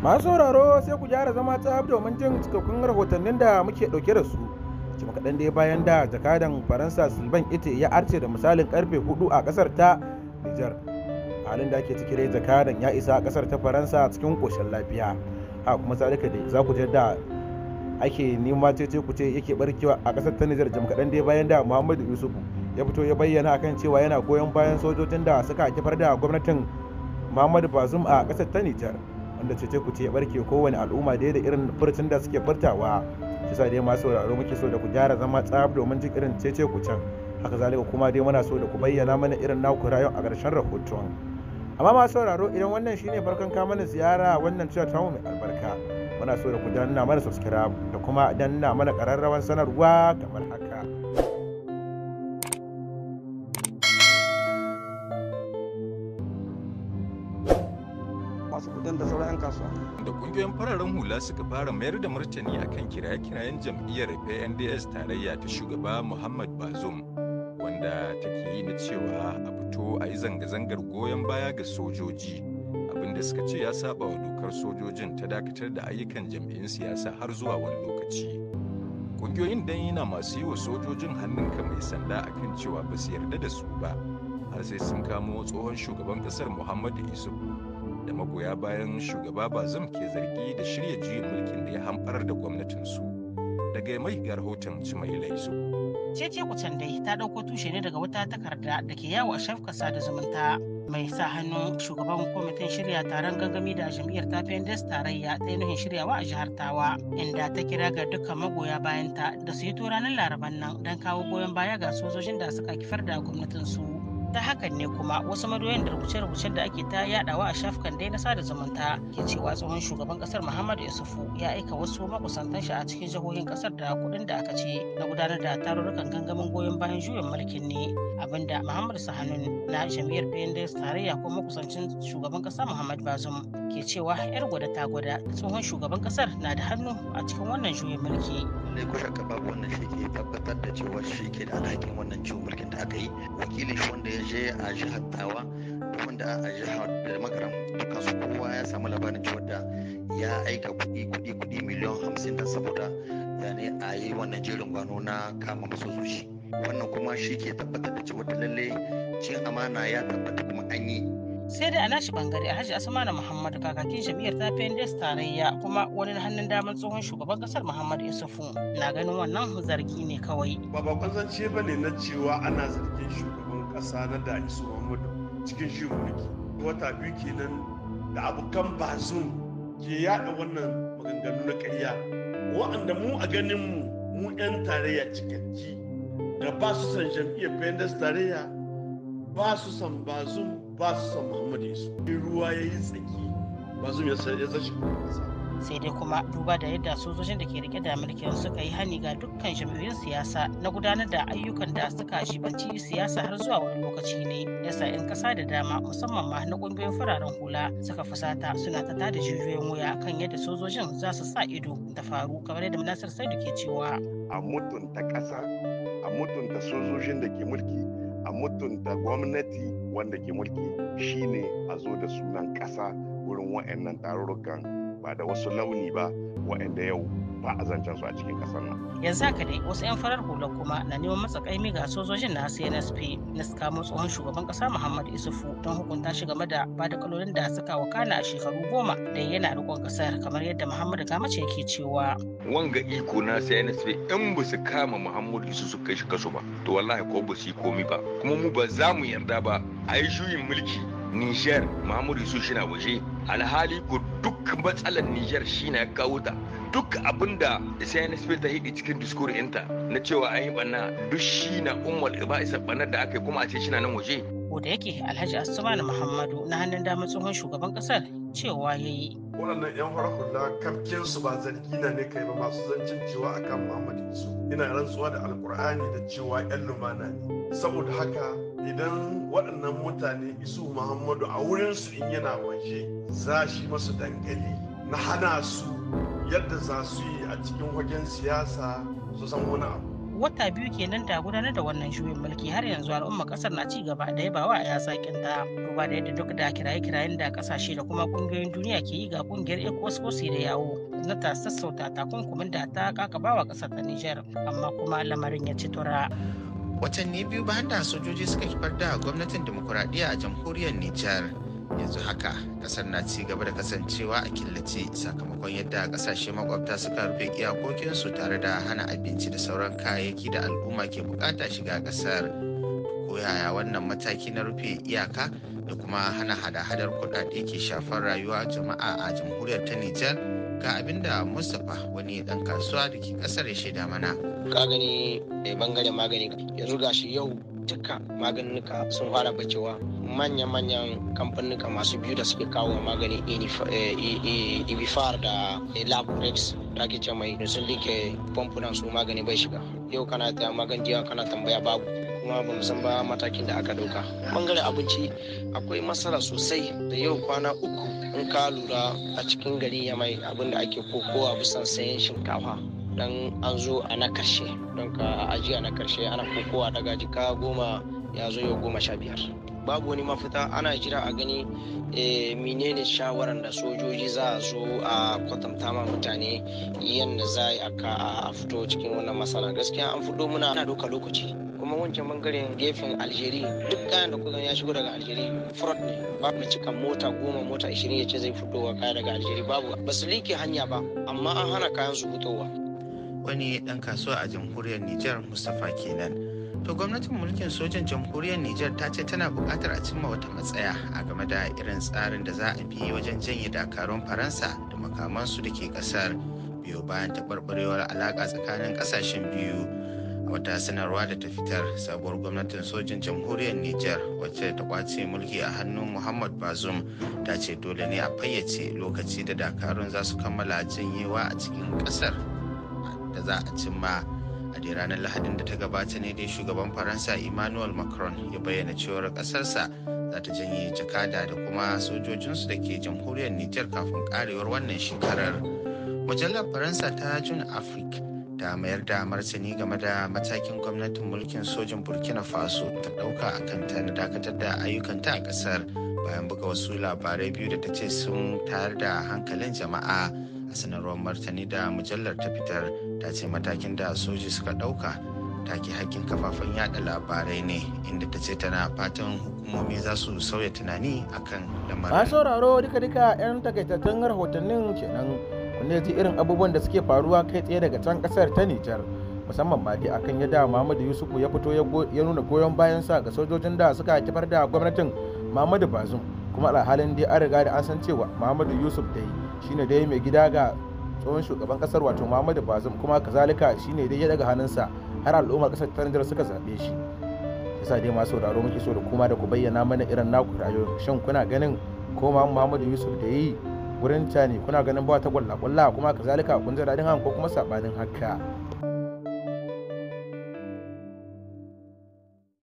masu sauraro sai ku gyara zama tsab domin jin cikakkun rahotannin da muke dauke da su jima kaɗan dai bayan da jakadan faransa sylvain ite ya arce da misalin karfe hudu a ƙasar ta nijar halin da ake ciki dai jakadan ya isa ƙasar ta faransa cikin ƙoshin lafiya a kuma zalika dai za ku da ake nema ce ku ce yake barkewa a ƙasar ta nijar jim kaɗan dai bayan da muhammadu yusufu ya fito ya bayyana kan cewa yana goyon bayan sojojin da suka kifar da gwamnatin muhammadu bazum a ƙasar ta nijar wanda ce ku ce ya barke kowane al'umma dai da irin furcin da suke furtawa shi sa dai masu sauraro muke so da ku gyara zama tsaf domin jin irin cece ku can haka zalika kuma dai muna so da ku bayyana mana irin naku rayuwa a ƙarshen rahoton amma masu sauraro idan wannan shine farkon ka mana ziyara wannan cewa ta mai albarka muna so da ku danna mana subscribe da kuma danna mana ƙararrawan sanarwa kamar haka matasa da kungiyoyin fararen hula suka fara mayar da martani akan kiraye-kirayen jam'iyyar PNDS tarayya ta shugaba Muhammad Bazoum wanda take yi na cewa a fito a yi zanga-zangar goyon baya ga sojoji abinda suka ce ya saba wa dokar sojojin ta dakatar da ayyukan jam'iyyun siyasa har zuwa wani lokaci. Kungiyoyin dan yana masu yi wa sojojin hannun hannunka mai sanda akan cewa ba su yarda da su ba har sai sun kamo tsohon shugaban kasar Muhammadu Isuf da magoya bayan shugaba bazum ke zargi da shirya juyin mulkin da ya hamɓarar da gwamnatinsu daga mai ga rahoton cimai laisu cece ku can dai ta ɗauko tushe ne daga wata takarda da ke yawo a shafkar sada zumunta mai sa hannu shugaban kwamitin shirya taron gangami da jam'iyyar ta pendes tarayya ta yi shiryawa a jihar tawa inda ta kira ga dukkan magoya bayanta da su yi to ranar laraban nan don kawo goyon baya ga sojojin da suka kifar da gwamnatin su ta hakan ne kuma wasu madoyan da rubuce rubuce da ake ta yadawa a shafukan dai na sada zumunta ke cewa tsohon shugaban kasar muhammadu yusufu ya aika wasu makusantan shi a cikin jihohin kasar da kuɗin da aka ce na gudanar da tarurrukan gangamin goyon bayan juyin mulkin ne abinda muhammadu sahanun na bayan pnds tarayya ko makusancin shugaban kasa muhammad bazum ke cewa 'yar gwada ta gwada tsohon shugaban kasar na da hannu a cikin wannan juyin mulki. ne kusa ka babu wannan shi ke tabbatar da cewa shi ke da alhakin wannan juyin mulkin da aka yi wakilin shi wanda ya je a jihar tawa wanda a jihar da makaram dukkan su kowa ya samu labarin cewa da ya aika kuɗi kuɗi kuɗi miliyan hamsin da saboda ne a yi wannan jerin gwano na kama masu zuci wannan kuma shi ke tabbatar da cewa da lalle cin amana ya tabbata kuma an yi sai dai a nashi bangare a hajji asmanu muhammadu kakakin jami'ar ta pendes tarayya kuma wani hannun damar tsohon shugaban kasar muhammadu yusufu na ganin wannan zargi ne kawai ba ba kwazance ba ne na cewa ana zargin shugaban kasa na da isu muhammadu cikin shi mulki wata biyu kenan da abokan bazum ke yada wannan maganganu na ƙarya wa'anda mu a ganin mu mu 'yan tarayya cikakki ga ba su san jam'iyyar pendes tarayya ba su san bazum ba su san muhammadu yusuf ruwa ya yi tsaki Ba bazum ya zashi sai dai kuma duba da yadda sojojin da ke rike da mulkin suka yi hani ga dukkan jam'iyyun siyasa na gudanar da ayyukan da suka shibanci siyasa har zuwa wani lokaci ne yasa 'yan kasa da dama musamman ma na kungiyoyin fararen hula suka fusata suna ta tada jijiyoyin wuya kan yadda sojojin za su sa ido da faru kamar yadda munasir saidu ke cewa a mutunta ƙasa a mutunta sojojin da ke mulki a mutunta gwamnati wanda ke mulki shine a zo da sunan ƙasa wurin wa'annan tarurrukan ba da wasu launi ba wa'anda yau ba a zancen su a cikin kasar nan. Yanzu haka ne wasu 'yan farar hula kuma na neman matsakaimi ga sojojin na CNSP na su kamo tsohon shugaban kasa Muhammad Isufu don hukunta shi game da ba da kalolin da suka wakana a shekaru goma da yana rikon kasar kamar yadda Muhammad Gamace ke cewa. Wanga iko na CNSP in ba su kama Muhammadu Isufu kai shi kaso ba to wallahi ko ba su yi komi ba kuma mu ba za mu yarda ba a yi juyin mulki Nijar, Muhammadu Yusuf shi na waje alhali ko duk matsalar Nijar shi na kawo ta duk abin da CNSP ta hidi cikin diskurinta. inta na cewa an yi banna duk shi na umar ba isa da aka yi kuma a ce shi na nan waje. Ko da yake Alhaji Asumani Muhammadu na hannun damar tsohon shugaban kasar cewa ya yi. Waɗannan 'yan farar hula kafkin su ba zargi na ne kai ba masu zancin cewa akan Muhammadu Yusuf. Ina rantsuwa da Alkur'ani da cewa 'yan lumana ne. Saboda haka idan waɗannan mutane isu muhammadu a wurinsu in yana waje za shi masu dangali na hana su yadda za su yi a cikin wajen siyasa su san wani abu wata biyu ke kenan ta gudanar da wannan shirin mulki har yanzu al'umma kasar na ci gaba da yaba wa a yasakin ta duba da yadda duk da kiraye-kirayen da kasashe da kuma kungiyoyin duniya ke yi ga kungiyar ecos ko da yawo na ta sassauta takunkumin da ta kakabawa ƙasar kasar ta Nijar, amma kuma lamarin ya ci tura watanni biyu bayan da sojoji suka kifar da gwamnatin demokuraɗiyya a jamhuriyar nijar yanzu haka ƙasar na ci gaba da kasancewa a killace sakamakon yadda ƙasashe makwabta suka rufe iyakokinsu tare da hana abinci da sauran kayayyaki da al'umma ke bukata shiga kasar yaya wannan mataki na rufe iyaka da kuma hana hada-hadar kuɗaɗe ke shafar rayuwa jama'a a jamhuriyar ta nijar ga abinda mustapha wani dan kasuwa da ke kasar ya shaida mana ka gani mai eh, bangaren magani yanzu shi yau duka maganinka sun fara bacewa manya-manyan kamfaninka masu biyu da suke kawo magani ibifar eh, e, e, da eh, labrex da ake ce mai sun like famfunan su magani bai shiga yau kana ta magan jiya kana tambaya babu kuma ba mu san ba matakin da aka dauka bangaren abinci akwai masara sosai da yau kwana uku in ka lura a cikin gari ya mai abin da ake kokowa bisan sayan shinkafa dan an zo a na karshe don ka ajiya na karshe ana kokowa daga jika goma ya zo yau goma sha biyar babu wani mafita ana jira a gani eh, menene shawarar da sojoji za a zo a kwatanta ma mutane yadda za a fito cikin wannan matsala gaskiya an fito muna ana doka lokaci kuma wancan bangaren gefen aljeri duk kayan da kuka ya shigo daga aljeri fraud ne babu cikan mota goma mota ashirin ya ce zai wa kaya daga aljeri babu ba su liƙe hanya ba amma an hana kayan su fitowa wani dan kasuwa a jamhuriyar Nijar Mustapha kenan to gwamnatin mulkin sojan jamhuriyar Nijar ta ce tana buƙatar a cimma wata matsaya a game da irin tsarin da za a bi wajen janye dakarun faransa da makamansu da ke ƙasar biyu bayan taɓarɓarewar alaƙa tsakanin ƙasashen biyu a wata sanarwa da ta fitar sabuwar gwamnatin sojin jamhuriyar Nijar wacce ta kwace mulki a hannun muhammad bazum ta ce dole ne a fayyace lokaci da dakarun za su kammala janyewa a cikin ƙasar da za a cimma a dai ranar lahadin da ta gabata ne dai shugaban faransa emmanuel macron ya bayyana cewar kasarsa za ta janye jakada da kuma sojojinsu da ke jamhuriyar niger kafin karewar wannan shekarar mujallar faransa ta jun afrik ta mayar da martani game da matakin gwamnatin mulkin sojin burkina faso ta ɗauka a kanta na dakatar da ayyukanta a ƙasar bayan buga wasu labarai biyu da ta ce sun tayar da hankalin jama'a a sanarwar martani da mujallar ta fitar ta ce matakin da soji suka ɗauka take hakkin kafafen yada labarai ne inda ta ce tana fatan hukumomi za su sauya tunani akan lamarin. masu sauraro duka duka 'yan takaitattun rahotannin kenan wanda ji irin abubuwan da suke faruwa kai tsaye daga can kasar ta nijar musamman ma dai akan yadda muhammadu yusufu ya fito ya nuna goyon bayan sa ga sojojin da suka kifar da gwamnatin muhammadu bazum kuma alhalin dai an riga da an san cewa muhammadu yusuf dai shine dai mai gida ga tsohon shugaban kasar wato muhammadu bazum kuma kazalika shi ne dai ya daga hannunsa har al'ummar kasar ta nijar suka zaɓe shi yasa dai masu sauraro muke so da kuma da ku bayyana mana irin naku rayuwar shin kuna ganin ko muhammadu yusuf da yi ta ne kuna ganin ba ta gwalla kwalla kuma kazalika kun ji daɗin hakan ko kuma saɓanin haka